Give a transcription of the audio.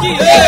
Yeah.